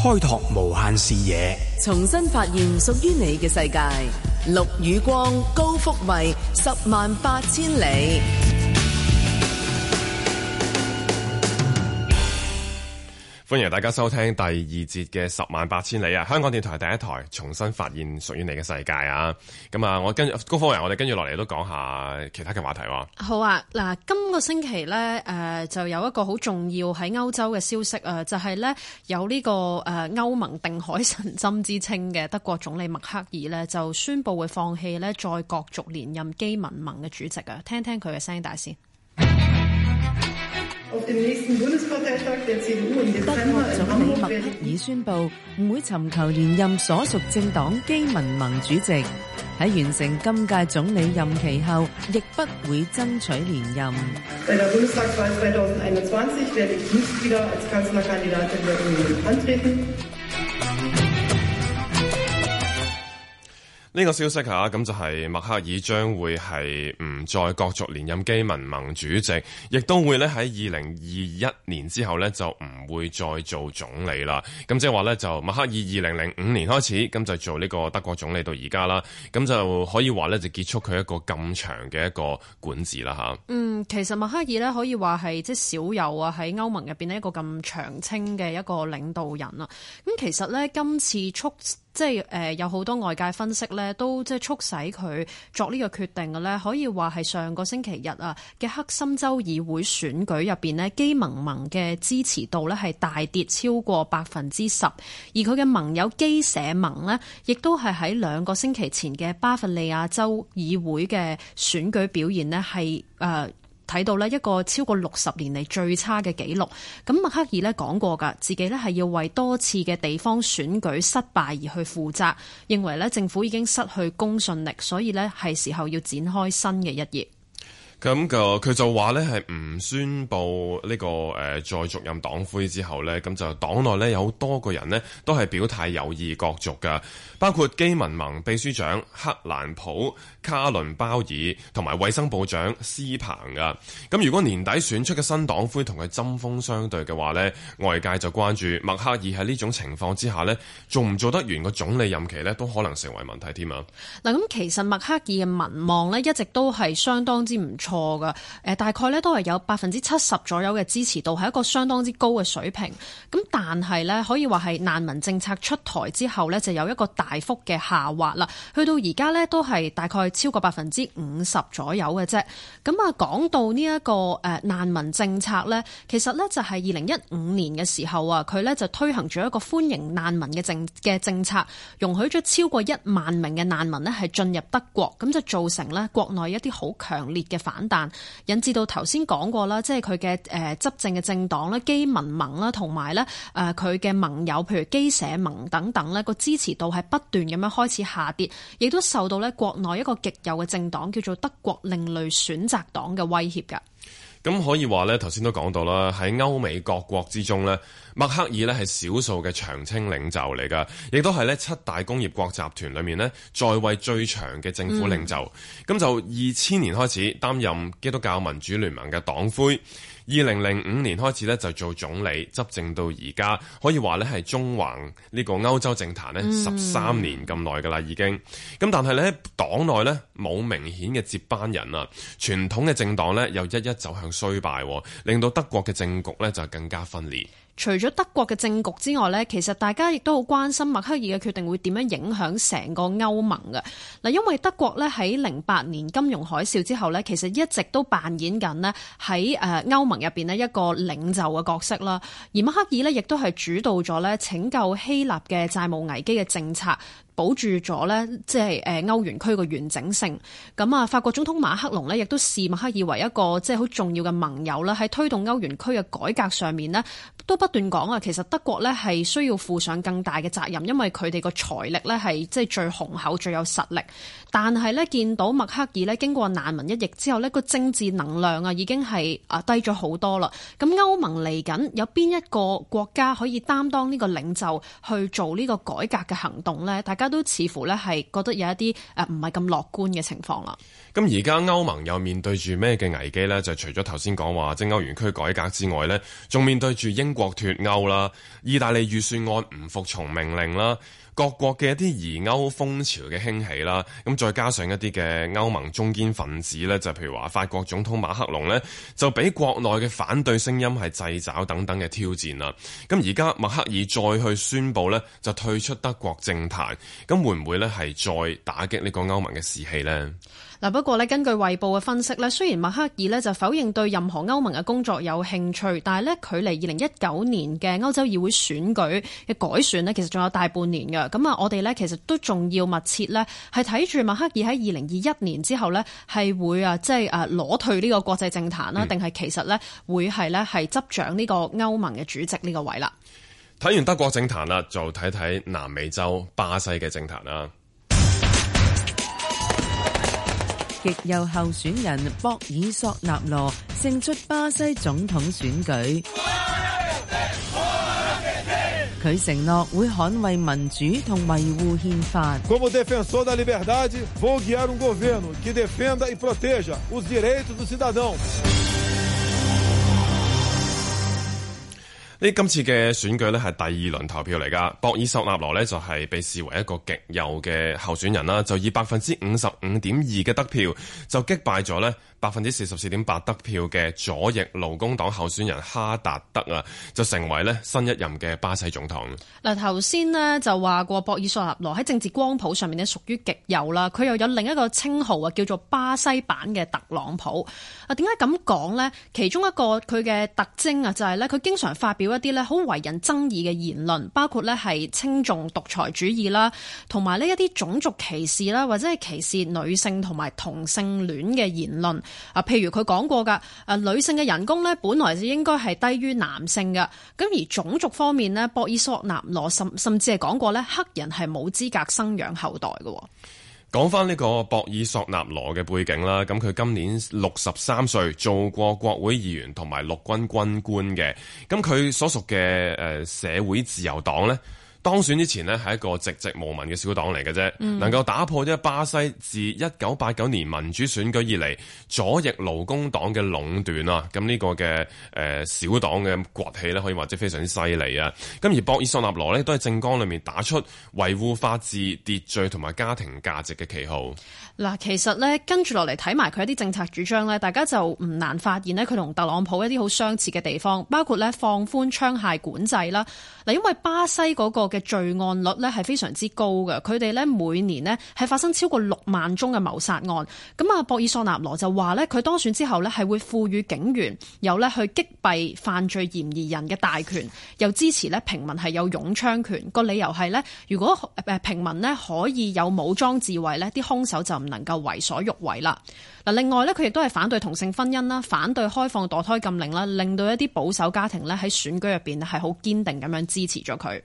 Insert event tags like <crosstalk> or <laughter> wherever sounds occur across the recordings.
開拓無限視野，重新發現屬於你嘅世界。陸宇光，高福慧，十萬八千里。歡迎大家收聽第二節嘅十萬八千里啊！香港電台第一台，重新發現屬於你嘅世界啊！咁啊，我跟高方人，我哋跟住落嚟都講下其他嘅話題喎、啊。好啊，嗱，今個星期咧，誒、呃，就有一個好重要喺歐洲嘅消息啊、呃，就係、是、咧有呢、這個誒歐、呃、盟定海神針之稱嘅德國總理默克爾呢，就宣布會放棄咧再角逐連任基民盟嘅主席啊！聽聽佢嘅聲帶先。德國總理默克爾宣布唔會尋求連任，所屬政黨基民盟主席喺完成今屆總理任期後，亦不會爭取連任。呢個消息吓，咁就係默克爾將會係唔再角逐連任基民盟主席，亦都會咧喺二零二一年之後呢，就唔會再做總理啦。咁即係話呢，就默克爾二零零五年開始，咁就做呢個德國總理到而家啦，咁就可以話呢，就結束佢一個咁長嘅一個管治啦嚇。嗯，其實默克爾呢，可以話係即少有啊，喺歐盟入邊咧一個咁長青嘅一個領導人啦。咁、嗯、其實呢，今次促即係誒、呃、有好多外界分析咧，都即係促使佢作呢個決定嘅咧，可以話係上個星期日啊嘅黑森州議會選舉入邊咧，基民盟嘅支持度咧係大跌超過百分之十，而佢嘅盟友基社盟咧，亦都係喺兩個星期前嘅巴伐利亞州議會嘅選舉表現咧係誒。呃睇到呢一個超過六十年嚟最差嘅紀錄，咁默克爾呢講過㗎，自己呢係要為多次嘅地方選舉失敗而去負責，認為呢政府已經失去公信力，所以呢係時候要展開新嘅一頁。咁、嘅佢就話咧係唔宣佈呢個誒再續任黨魁之後呢，咁就黨內呢有多個人呢都係表態有意角逐嘅，包括基民盟秘書長克蘭普、卡倫包爾同埋衞生部長斯彭嘅啊。咁如果年底選出嘅新黨魁同佢針鋒相對嘅話呢，外界就關注默克爾喺呢種情況之下呢，做唔做得完個總理任期呢都可能成為問題添啊。嗱，咁其實默克爾嘅民望呢一直都係相當之唔錯噶，誒，大概咧都係有百分之七十左右嘅支持度，係一個相當之高嘅水平。咁但係咧，可以話係難民政策出台之後咧，就有一個大幅嘅下滑啦。去到而家咧，都係大概超過百分之五十左右嘅啫。咁啊，講到呢一個誒難民政策咧，其實呢就係二零一五年嘅時候啊，佢呢就推行咗一個歡迎難民嘅政嘅政策，容許咗超過一萬名嘅難民咧係進入德國，咁就造成咧國內一啲好強烈嘅反。但引致到頭先講過啦，即係佢嘅誒執政嘅政黨咧，基民盟啦，同埋咧誒佢嘅盟友，譬如基社盟等等咧，個支持度係不斷咁樣開始下跌，亦都受到咧國內一個極右嘅政黨叫做德國另類選擇黨嘅威脅㗎。咁可以話咧，頭先都講到啦，喺歐美各國，國之中呢，默克爾咧係少數嘅長青領袖嚟㗎，亦都係咧七大工業國集團裏面咧在位最長嘅政府領袖。咁、嗯、就二千年開始擔任基督教民主聯盟嘅黨魁。二零零五年開始咧，就做總理執政到而家，可以話咧係縱橫呢個歐洲政壇咧十三年咁耐㗎喇已經。咁但係咧，黨內咧冇明顯嘅接班人啊，傳統嘅政黨咧又一一走向衰敗，令到德國嘅政局咧就更加分裂。除咗德國嘅政局之外呢，其實大家亦都好關心默克爾嘅決定會點樣影響成個歐盟嘅嗱，因為德國咧喺零八年金融海嘯之後呢，其實一直都扮演緊咧喺誒歐盟入邊咧一個領袖嘅角色啦，而默克爾呢，亦都係主導咗咧拯救希臘嘅債務危機嘅政策。保住咗咧，即係誒歐元區嘅完整性。咁啊，法國總統馬克龍咧，亦都視默克爾為一個即係好重要嘅盟友啦。喺推動歐元區嘅改革上面咧，都不斷講啊。其實德國咧係需要負上更大嘅責任，因為佢哋個財力咧係即係最雄厚、最有實力。但係咧，見到默克爾咧經過難民一役之後咧，個政治能量啊已經係啊低咗好多啦。咁歐盟嚟緊有邊一個國家可以擔當呢個領袖去做呢個改革嘅行動咧？大家。都似乎咧，係覺得有一啲誒，唔係咁樂觀嘅情況啦。咁而家歐盟又面對住咩嘅危機呢？就除咗頭先講話即係歐元區改革之外呢，仲面對住英國脫歐啦、意大利預算案唔服從命令啦。各國嘅一啲疑歐風潮嘅興起啦，咁再加上一啲嘅歐盟中堅分子咧，就譬如話法國總統馬克龍咧，就俾國內嘅反對聲音係掣肘等等嘅挑戰啦。咁而家默克爾再去宣布咧，就退出德國政壇，咁會唔會咧係再打擊呢個歐盟嘅士氣呢？嗱，不過咧，根據衛報嘅分析咧，雖然默克爾咧就否認對任何歐盟嘅工作有興趣，但係咧，距離二零一九年嘅歐洲議會選舉嘅改選咧，其實仲有大半年嘅。咁啊，我哋咧其實都仲要密切咧，係睇住默克爾喺二零二一年之後咧，係、就、會、是、啊，即係啊，裸退呢個國際政壇啦，定係其實咧會係咧係執掌呢個歐盟嘅主席呢個位啦。睇、嗯、完德國政壇啦，就睇睇南美洲巴西嘅政壇啦。極右候選人博爾索納羅勝出巴西總統選舉，佢承諾會捍衛民主同維護憲法。呢今次嘅選舉咧係第二輪投票嚟噶，博爾索納羅咧就係被視為一個極右嘅候選人啦，就以百分之五十五點二嘅得票就擊敗咗咧。百分之四十四點八得票嘅左翼勞工黨候選人哈達德啊，就成為呢新一任嘅巴西總統。嗱，頭先呢，就話過博爾索納羅喺政治光譜上面呢屬於極右啦，佢又有另一個稱號啊，叫做巴西版嘅特朗普。啊，點解咁講呢？其中一個佢嘅特徵啊，就係呢。佢經常發表一啲呢好為人爭議嘅言論，包括呢係稱頌獨裁主義啦，同埋呢一啲種族歧視啦，或者係歧視女性同埋同性戀嘅言論。啊，譬如佢講過噶，誒、呃，女性嘅人工咧本來就應該係低於男性嘅，咁而種族方面呢，博爾索納羅甚甚至係講過咧，黑人係冇資格生養後代嘅，哦。講翻呢個博爾索納羅嘅背景啦，咁佢今年六十三歲，做過國會議員同埋陸軍軍官嘅，咁佢所屬嘅誒社會自由黨咧。當選之前呢係一個籍籍無聞嘅小黨嚟嘅啫，嗯、能夠打破咗巴西自一九八九年民主選舉以嚟左翼勞工黨嘅壟斷啊！咁呢個嘅誒、呃、小黨嘅崛起呢，可以話即係非常之犀利啊！咁而博爾索納羅呢，都喺政綱裏面打出維護法治、秩序同埋家庭價值嘅旗號。嗱，其實呢，跟住落嚟睇埋佢一啲政策主張呢，大家就唔難發現呢，佢同特朗普一啲好相似嘅地方，包括呢放寬槍械管制啦。嗱，因為巴西嗰個嘅罪案率咧係非常之高嘅，佢哋咧每年呢係發生超過六萬宗嘅謀殺案。咁啊，博爾索納羅就話咧，佢當選之後呢係會賦予警員有咧去擊斃犯罪嫌疑人嘅大權，又支持咧平民係有擁槍權。個理由係呢，如果誒平民呢可以有武裝自衛呢，啲兇手就唔能夠為所欲為啦。嗱，另外呢，佢亦都係反對同性婚姻啦，反對開放墮胎禁令啦，令到一啲保守家庭呢喺選舉入邊咧係好堅定咁樣支持咗佢。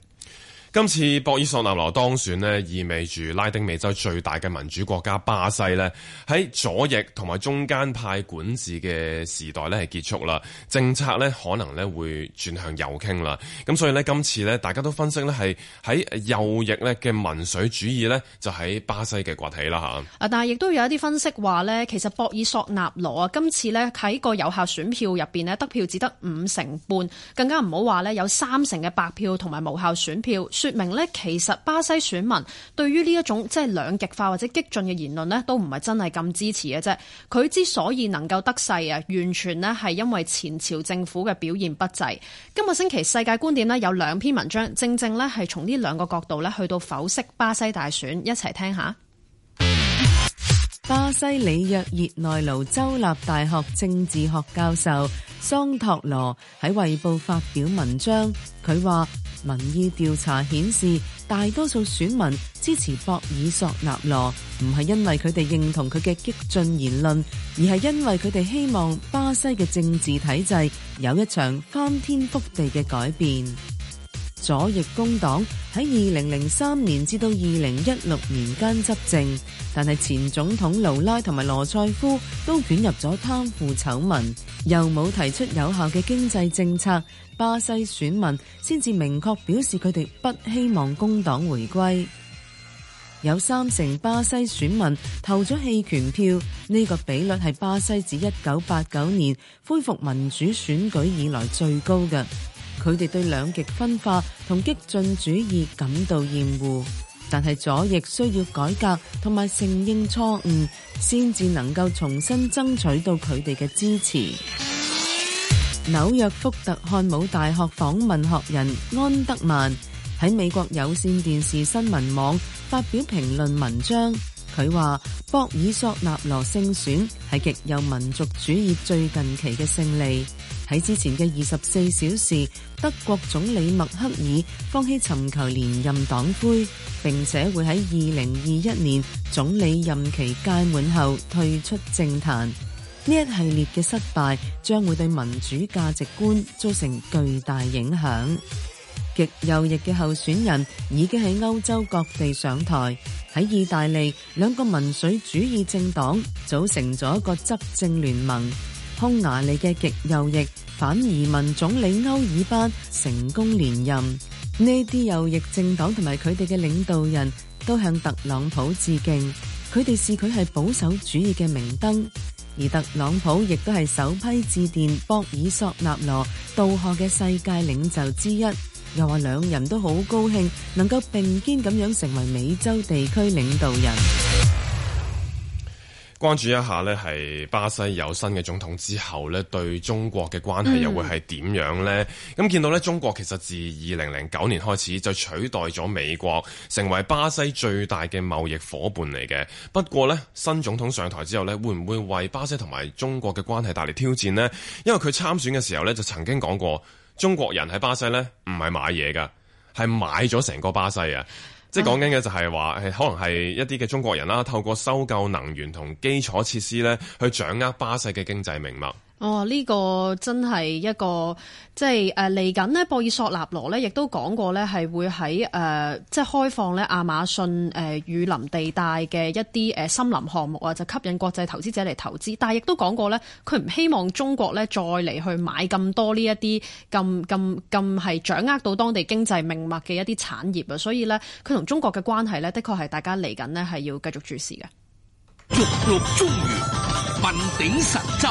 今次博爾索納羅當選呢，意味住拉丁美洲最大嘅民主國家巴西呢，喺左翼同埋中間派管治嘅時代呢，係結束啦，政策呢，可能呢會轉向右傾啦。咁所以呢，今次呢，大家都分析呢，係喺右翼呢嘅民粹主義呢，就喺巴西嘅崛起啦嚇。啊，但係亦都有一啲分析話呢，其實博爾索納羅啊，今次呢，喺個有效選票入邊呢，得票只得五成半，更加唔好話呢，有三成嘅白票同埋無效選票。說明咧，其實巴西選民對於呢一種即係兩極化或者激進嘅言論呢，都唔係真係咁支持嘅啫。佢之所以能夠得勢啊，完全呢係因為前朝政府嘅表現不濟。今個星期世界觀點呢，有兩篇文章，正正呢係從呢兩個角度呢去到剖析巴西大選，一齊聽下。巴西里約熱內盧州立大學政治學教授桑托羅喺《衛報》發表文章，佢話。民意調查顯示，大多數選民支持博爾索納羅，唔係因為佢哋認同佢嘅激進言論，而係因為佢哋希望巴西嘅政治體制有一場翻天覆地嘅改變。左翼工黨喺二零零三年至到二零一六年間執政，但係前總統盧拉同埋羅塞夫都捲入咗貪腐醜聞，又冇提出有效嘅經濟政策，巴西選民先至明確表示佢哋不希望工黨回歸。有三成巴西選民投咗棄權票，呢個比率係巴西自一九八九年恢復民主選舉以來最高嘅。佢哋對兩極分化同激進主義感到厭惡，但係左翼需要改革同埋承認錯誤，先至能夠重新爭取到佢哋嘅支持。 <noise> 紐約福特漢姆大學訪問學人安德曼喺美國有線電視新聞網發表評論文章，佢話博爾索納羅勝選係極右民族主義最近期嘅勝利。喺之前嘅二十四小時，德國總理默克爾放棄尋求連任黨魁，並且會喺二零二一年總理任期屆滿後退出政壇。呢一系列嘅失敗將會對民主價值觀造成巨大影響。極右翼嘅候選人已經喺歐洲各地上台。喺意大利，兩個民粹主義政黨組成咗一個執政聯盟。匈牙利嘅極右翼反移民總理歐爾班成功連任，呢啲右翼政黨同埋佢哋嘅領導人都向特朗普致敬，佢哋視佢係保守主義嘅明燈，而特朗普亦都係首批致電博爾索納羅道賀嘅世界領袖之一，又話，兩人都好高興能夠並肩咁樣成為美洲地區領導人。關注一下咧，係巴西有新嘅總統之後咧，對中國嘅關係又會係點樣呢？咁、嗯、見到咧，中國其實自二零零九年開始就取代咗美國成為巴西最大嘅貿易夥伴嚟嘅。不過咧，新總統上台之後咧，會唔會為巴西同埋中國嘅關係帶嚟挑戰呢？因為佢參選嘅時候咧，就曾經講過中國人喺巴西咧唔係買嘢㗎，係買咗成個巴西啊！即係講緊嘅就係話，係可能係一啲嘅中國人啦、啊，透過收購能源同基礎設施咧，去掌握巴西嘅經濟命脈。哦，呢、呢個真係一個即係誒嚟緊呢，博、呃、爾索納羅呢亦都講過呢係會喺誒、呃、即係開放呢亞馬遜誒、呃、雨林地帶嘅一啲誒森林項目啊，就吸引國際投資者嚟投資。但係亦都講過呢佢唔希望中國呢再嚟去買咁多呢一啲咁咁咁係掌握到當地經濟命脈嘅一啲產業啊。所以呢，佢同中國嘅關係呢，的確係大家嚟緊呢係要繼續注視嘅。逐鹿中原，問鼎神州。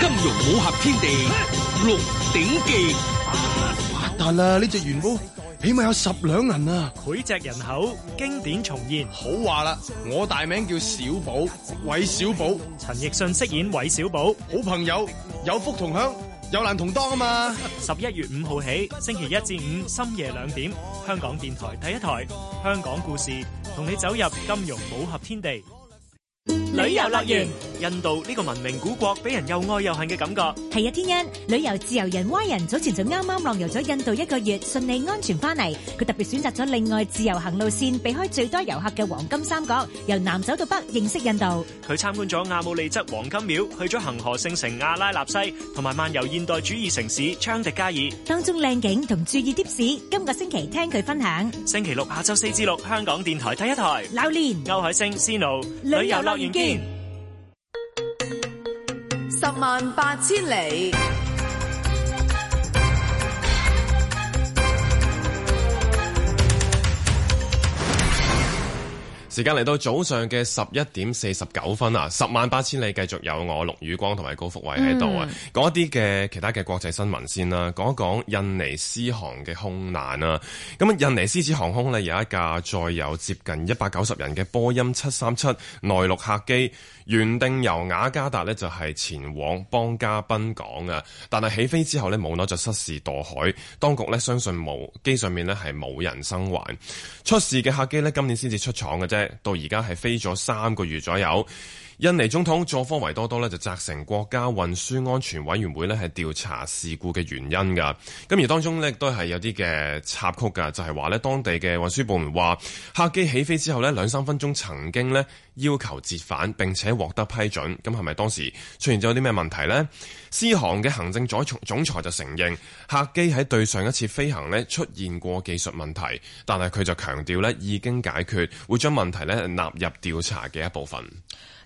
金融武俠天地《鹿鼎記》，發達啦！呢隻元寶起碼有十兩銀啊！膾炙人口，經典重現，好話啦！我大名叫小寶，韋小寶，陳奕迅飾演韋小寶。好朋友，有福同享，有難同當啊嘛！十一月五號起，星期一至五深夜兩點，香港電台第一台《香港故事》，同你走入金融武俠天地。旅遊樂園，印度呢個文明古國俾人又愛又恨嘅感覺。係啊，天恩，旅遊自由人歪人，早前就啱啱浪遊咗印度一個月，順利安全翻嚟。佢特別選擇咗另外自由行路線，避開最多遊客嘅黃金三角，由南走到北認識印度。佢參觀咗亞姆利則黃金廟，去咗恒河聖城亞拉納西，同埋漫遊現代主義城市昌迪加爾。當中靚景同注意 tips，今個星期聽佢分享。星期六下晝四至六，香港電台第一台。劉念、歐海星、Snow 旅遊樂園嘅十萬八千里。時間嚟到早上嘅十一點四十九分啊！十萬八千里繼續有我陸宇光同埋高福偉喺度啊！嗯、講一啲嘅其他嘅國際新聞先啦、啊，講一講印尼獅航嘅空難啊！咁、嗯、印尼獅子航空呢有一架載有接近一百九十人嘅波音七三七內陸客機，原定由雅加達呢就係、是、前往邦加賓港啊，但係起飛之後呢，冇耐就失事墜海，當局呢相信冇機上面呢係冇人生還。出事嘅客機呢，今年先至出廠嘅啫。到而家係飛咗三個月左右。印尼總統佐科維多多咧就責成國家運輸安全委員會咧係調查事故嘅原因噶。咁而當中咧亦都係有啲嘅插曲噶，就係話咧當地嘅運輸部門話客機起飛之後咧兩三分鐘曾經咧要求折返，並且獲得批准。咁係咪當時出現咗啲咩問題呢？獅航嘅行政總總裁就承認客機喺對上一次飛行咧出現過技術問題，但係佢就強調咧已經解決，會將問題咧納入調查嘅一部分。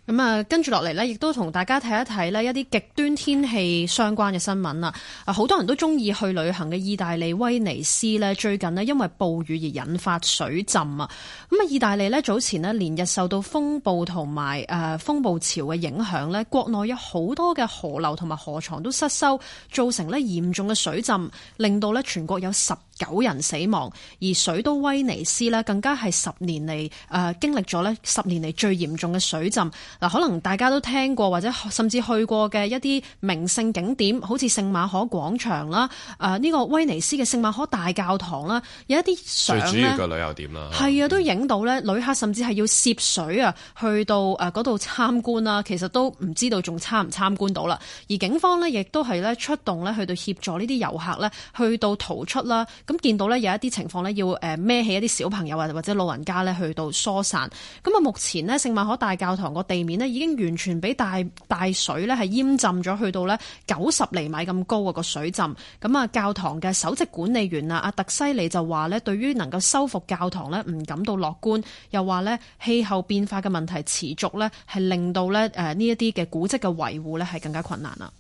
咁啊，跟住落嚟呢，亦都同大家睇一睇呢一啲極端天氣相關嘅新聞啦。啊，好多人都中意去旅行嘅意大利威尼斯呢，最近呢因為暴雨而引發水浸啊。咁啊，意大利呢，早前呢連日受到風暴同埋誒風暴潮嘅影響呢，國內有好多嘅河流同埋河床都失修，造成呢嚴重嘅水浸，令到呢全國有十九人死亡，而水都威尼斯呢，更加係十年嚟誒、呃、經歷咗咧十年嚟最嚴重嘅水浸。嗱、呃，可能大家都聽過或者甚至去過嘅一啲名勝景點，好似聖馬可廣場啦，誒、呃、呢、呢個威尼斯嘅聖馬可大教堂啦，有一啲水嘅旅遊點啦，係啊都影到呢。旅客甚至係要涉水啊去到誒嗰度參觀啦，其實都唔知道仲參唔參觀到啦。而警方呢，亦都係呢，出動呢，去到協助呢啲遊客呢，去到逃出啦。咁見到呢，有一啲情況呢，要誒孭起一啲小朋友啊或者老人家呢，去到疏散。咁啊，目前呢，聖馬可大教堂個地面呢，已經完全俾大大水呢，係淹浸咗，去到呢九十厘米咁高啊個水浸。咁啊，教堂嘅首席管理員啊阿特西尼就話呢，對於能夠修復教堂呢，唔感到樂觀，又話呢，氣候變化嘅問題持續呢，係令到呢，誒呢一啲嘅古跡嘅維護呢，係更加困難啦。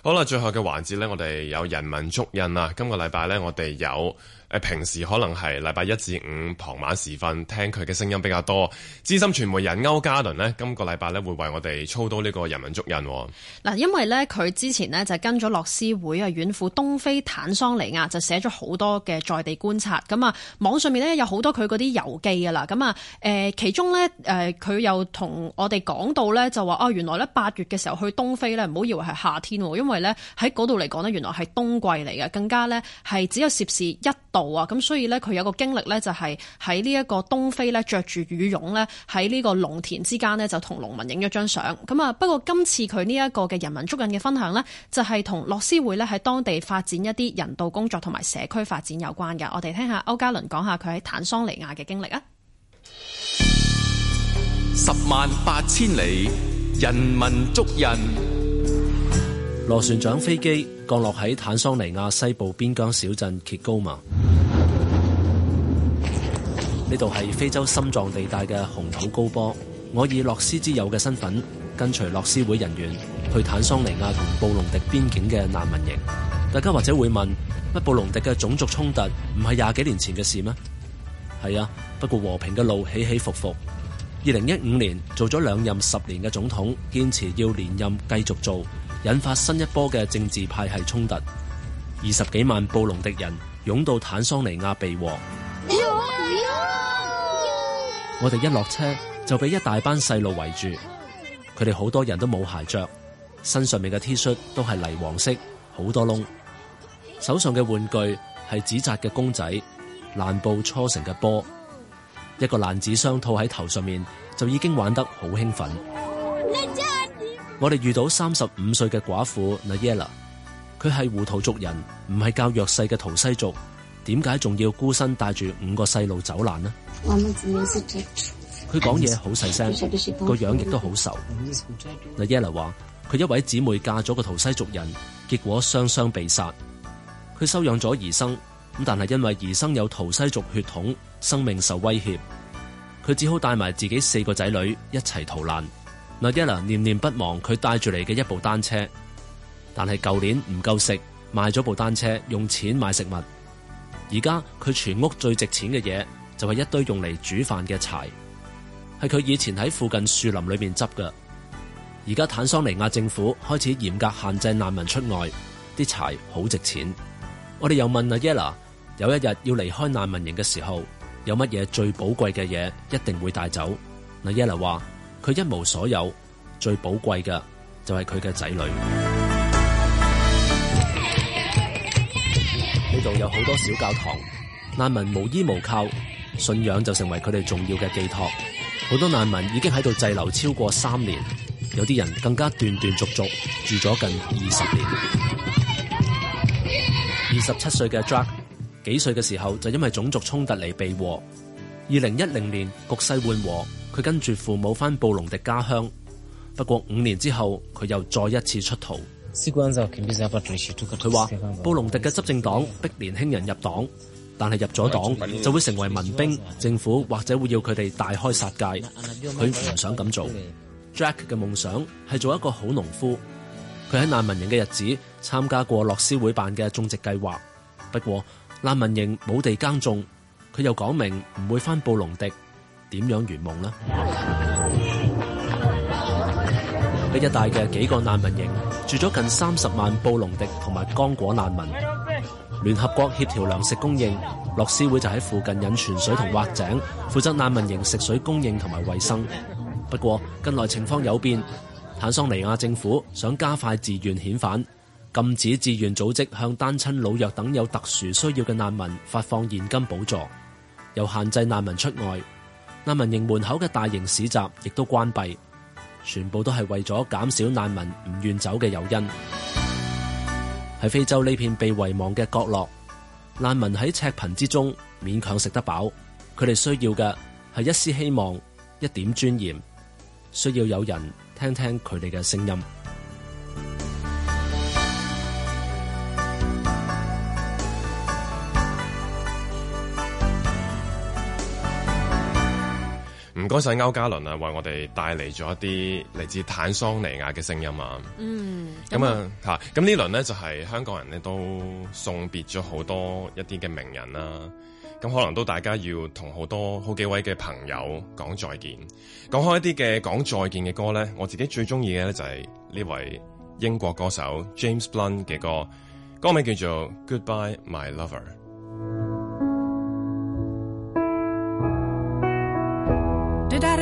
好啦，最後嘅環節咧，我哋有人文足印啊！今個禮拜咧，我哋有。誒平時可能係禮拜一至五傍晚時分聽佢嘅聲音比較多。資深傳媒人區家麟呢，今個禮拜咧會為我哋操刀呢個《人文足印》。嗱，因為呢，佢之前呢就跟咗樂施會啊，遠赴東非坦桑尼亞，就寫咗好多嘅在地觀察。咁啊，網上面呢有好多佢嗰啲遊記㗎啦。咁啊，誒其中呢，誒佢又同我哋講到呢，就話哦，原來呢八月嘅時候去東非呢，唔好以為係夏天喎，因為呢，喺嗰度嚟講呢，原來係冬季嚟嘅，更加呢，係只有攝氏一。啊，咁、嗯、所以呢佢有個經歷呢，就係喺呢一個東非呢着住羽絨呢喺呢個農田之間呢就同農民影咗張相。咁啊，不過今次佢呢一個嘅人文足印嘅分享呢，就係同樂施會呢喺當地發展一啲人道工作同埋社區發展有關嘅。我哋聽下區家麟講下佢喺坦桑尼亞嘅經歷啊！十萬八千里，人文足印。螺旋槳飛機降落喺坦桑尼亞西部邊疆小鎮基戈馬。呢度係非洲心臟地帶嘅紅土高坡。我以樂施之友嘅身份跟隨樂施會人員去坦桑尼亞同布隆迪邊境嘅難民營。大家或者會問，乜布隆迪嘅種族衝突唔係廿幾年前嘅事咩？係啊，不過和平嘅路起起伏伏。二零一五年做咗兩任十年嘅總統，堅持要連任繼續做。引發新一波嘅政治派系衝突，二十幾萬布隆迪人湧到坦桑尼亞避禍。 <noise> 我哋一落車就俾一大班細路圍住，佢哋好多人都冇鞋着，身上面嘅 T 恤都係泥黃色，好多窿。手上嘅玩具係紙紮嘅公仔、爛布搓成嘅波，一個爛紙箱套喺頭上面就已經玩得好興奮。 <noise> 我哋遇到三十五歲嘅寡婦娜耶拉，佢係胡圖族人，唔係較弱勢嘅圖西族，點解仲要孤身帶住五個細路走難呢？佢講嘢好細聲，個樣亦都好愁。娜耶拉話：佢 <music> 一位姊妹嫁咗個圖西族人，結果雙雙被殺。佢收養咗兒生，咁但係因為兒生有圖西族血統，生命受威脅，佢只好帶埋自己四個仔女一齊逃難。那耶娜念念不忘佢帶住嚟嘅一部單車，但係舊年唔夠食，賣咗部單車用錢買食物。而家佢全屋最值錢嘅嘢就係一堆用嚟煮飯嘅柴，係佢以前喺附近樹林裏面執噶。而家坦桑尼亞政府開始嚴格限制難民出外，啲柴好值錢。我哋又問那耶娜，有一日要離開難民營嘅時候，有乜嘢最寶貴嘅嘢一定會帶走？那耶娜話。佢一無所有，最寶貴嘅就係佢嘅仔女。呢度 <music> 有好多小教堂，難民無依無靠，信仰就成為佢哋重要嘅寄託。好多難民已經喺度滯留超過三年，有啲人更加斷斷續續住咗近二十年。二十七歲嘅 Drake，幾歲嘅時候就因為種族衝突嚟避禍。二零一零年，局勢緩和。佢跟住父母翻布隆迪家鄉，不過五年之後佢又再一次出逃。佢話 <noise> 布隆迪嘅執政黨逼年輕人入黨，但係入咗黨就會成為民兵，政府或者會要佢哋大開殺戒。佢唔 <noise> 想咁做。Jack 嘅夢想係做一個好農夫，佢喺難民營嘅日子參加過樂施會辦嘅種植計劃，不過難民營冇地耕種，佢又講明唔會翻布隆迪。點樣圓夢呢？呢一帶嘅幾個難民營住咗近三十萬布隆迪同埋剛果難民。聯合國協調糧食供應，洛斯會就喺附近引泉水同挖井，負責難民營食水供應同埋衞生。不過近來情況有變，坦桑尼亞政府想加快自願遣返，禁止自願組織向單親、老弱等有特殊需要嘅難民發放現金補助，又限制難民出外。難民營門口嘅大型市集亦都關閉，全部都係為咗減少難民唔願走嘅誘因。喺非洲呢片被遺忘嘅角落，難民喺赤貧之中勉強食得飽，佢哋需要嘅係一絲希望、一點尊嚴，需要有人聽聽佢哋嘅聲音。唔該晒歐嘉倫啊，為我哋帶嚟咗一啲嚟自坦桑尼亞嘅聲音啊！嗯，咁啊嚇，咁呢、嗯嗯、輪呢，就係香港人咧都送別咗好多一啲嘅名人啦、啊。咁可能都大家要同好多好幾位嘅朋友講再見。講開一啲嘅講再見嘅歌呢，我自己最中意嘅呢，就係呢位英國歌手 James Blunt 嘅歌，歌名叫做《Goodbye My Lover》。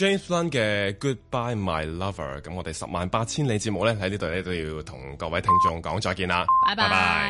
James Blunt 嘅《Goodbye My Lover》，咁我哋十萬八千里節目咧喺呢度咧都要同各位聽眾講再見啦，拜拜。